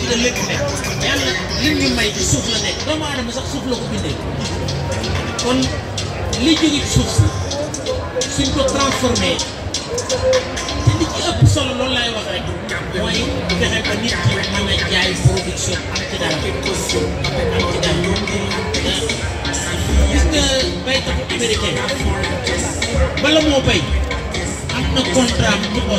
ci la lépp nekk yàlla lim ñu may ci suuf la nekk doomu aadama sax suuf la ko bindee kon li jóge ci suuf si suñ ko transformé te li ci ëpp solo loolu laay wax rek mooy fexe ba nit ki mën a jaay production am ci dara am ci dara gis nga baykat américain bala moo bay am na contrat mu ko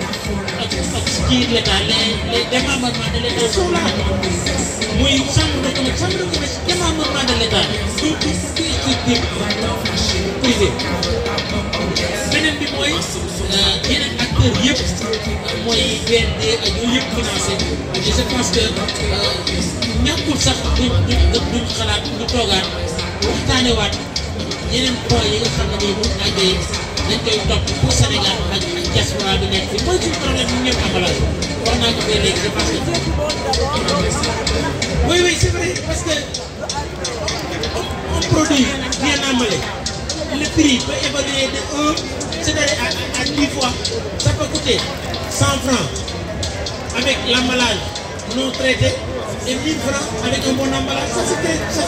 ci l'État les les démembrements de l'État sont là muy chambre de commerce chambre de commerce démembrement de l'État du du structure privée beneen bi mooy yeneen acteurs yëpp ñàkkul sax nga xam ne koy topp pour Sénégal ak. Oui, oui, c'est vrai, parce que on produit bien emballé, le prix peut évoluer de 1, c'est-à-dire 10 fois. Ça peut coûter 100 francs avec l'emballage non traité et 1000 francs avec un bon emballage. Ça c'était.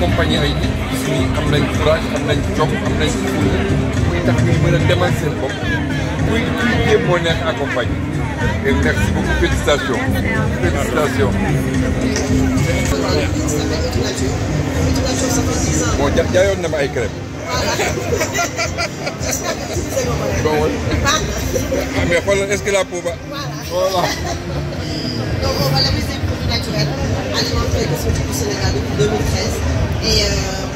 accompagner ay nit gis ni am nañ courage am nañ jom am nañ fulla muy tax ñuy mën a demal seen bopp kuy kuy jéem moo nekk accompagner et merci beaucoup félicitations félicitations bon ja jaayoon na ma ay crêpes bon oui ah, mais xoolal est-ce que la peau va voilà culturel alimentaire et cosmétique du Sénégal depuis 2013. Et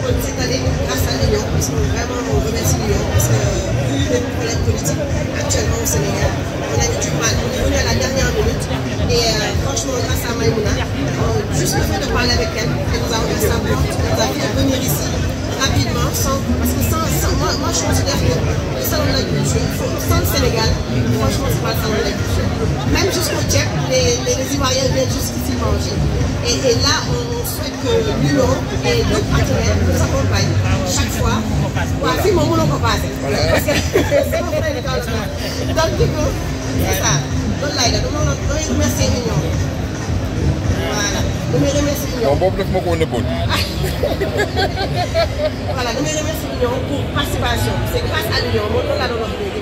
cette euh, année, grâce à Lyon, parce qu'on vraiment on remercie Lyon, parce que vu les problèmes politiques actuellement au Sénégal, on a eu du mal. On est venu à la dernière minute. Et euh, franchement, grâce à Maïmouna, juste le fait de parler avec elle, elle nous a ouvert sa porte, elle nous a fait venir ici rapidement, parce que sans, moi, moi, je considère que le salon de la culture, sans le Sénégal, franchement c'est pas le salon de la culture. Même jusqu'au Tchèque, les, les, Ivoiriens viennent jusqu'ici et, là, on souhaite que l'ULO et nos partenaires nous accompagnent chaque fois. Voilà, si mon boulot passe. Parce que c'est mon frère de Donc, du coup, c'est ça. Donc là, il a demandé de l'Union. Voilà. nous me remercie l'Union. Bon, bon, bon, bon, bon. Voilà, nous me remercie l'Union pour participation. C'est grâce à l'Union. Mon nom l'a donné.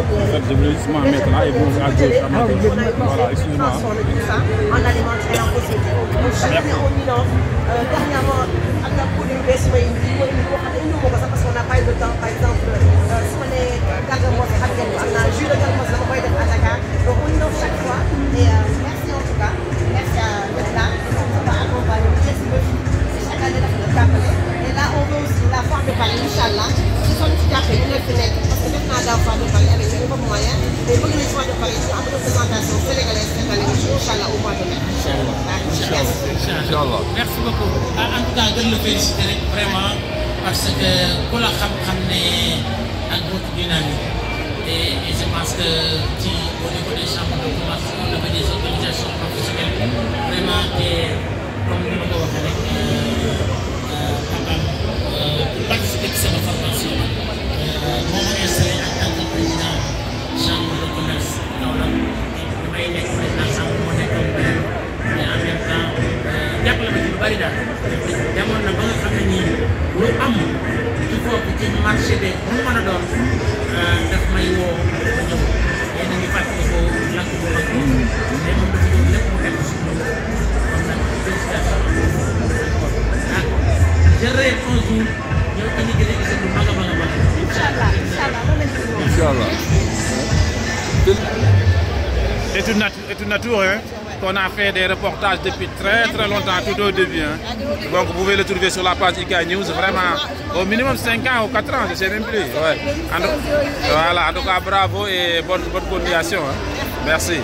En fait, je voulais justement mettre là et vous à gauche. À ah, voilà, excusez-moi. En alimentaire, en cosmétique, au Chili, au Milan, euh, dernièrement, à Naples, une baisse, mais une vidéo, parce qu'on n'a pas eu le temps, par exemple, si on est 4 mois, on a juste pare en représentation sénégalaise cette année incha allah au mois de mai. incha allah merci beaucoup. Ah, en tout cas gën la féliciter rek vraiment parce que ku la xam-xam ne ak votre dynamique et je pense que ci au niveau des tour hein. qu'on a fait des reportages depuis très très longtemps, tout au début. Hein. Donc vous pouvez le trouver sur la page IK News, vraiment au minimum 5 ans ou 4 ans, je ne sais même plus. voilà, Donc tout bravo et bonne, bonne continuation. Hein. Merci.